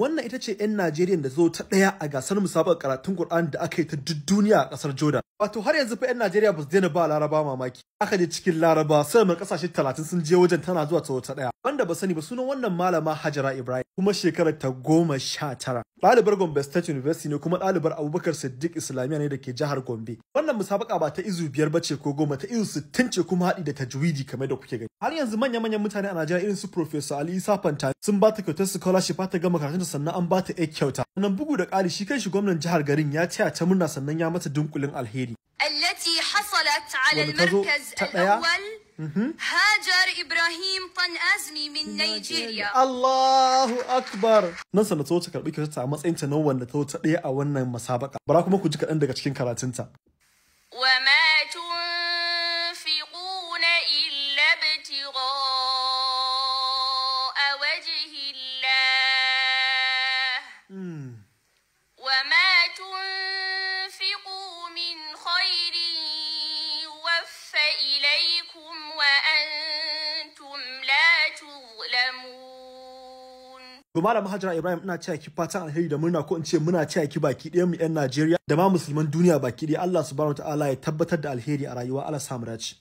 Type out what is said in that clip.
wannan ita ce 'yan Najeriya da zo ta ɗaya a gasar musabakar karatun Kur'an da aka yi ta duk duniya a ƙasar Jordan. Wato har yanzu fa 'yan Najeriya ba su daina ba Laraba mamaki. Aka je cikin Laraba sai mai ƙasashe talatin sun je wajen tana zuwa ta wata ɗaya. Wanda ba sani ba sunan wannan malama Hajara Ibrahim kuma shekarar ta goma sha tara. ɗalibar Gombe State University ne kuma ɗalibar Abubakar Siddiq Islamiyya ne da ke jihar Gombe. Wannan musabaka ba ta izu biyar bace ko goma ta izu sittin ce kuma haɗi da tajwidi kamar da kuke gani. Har yanzu manya-manyan mutane a Najeriya irin su Professor Ali Isa Fanta sun ba ta kyautar scholarship ta gama karatunta sannan an ba ta ek kyauta. Wannan bugu da ƙari shi kanshi gwamnan jihar garin ya taya ta murna sannan ya mata dunkulin alheri. التي حصلت على المركز هاجر إبراهيم طن أزمي من نيجيريا الله أكبر ننسى نتوتا كربي كتتا عمس أنت نوان نتوتا ليه أولنا مسابقة براكم أكو جكا عندك تشكين كراتنتا وما تنفقون إلا ابتغاء وجه الله وما تنفقون يعلمون to malam hajara ibrahim ina cewa ki fatan alheri da murna ko in ce muna cewa ki baki ɗaya mu ƴan najeriya da ma musulman duniya baki ɗaya allah subhanahu ta'ala ya tabbatar da alheri a rayuwa allah samu dace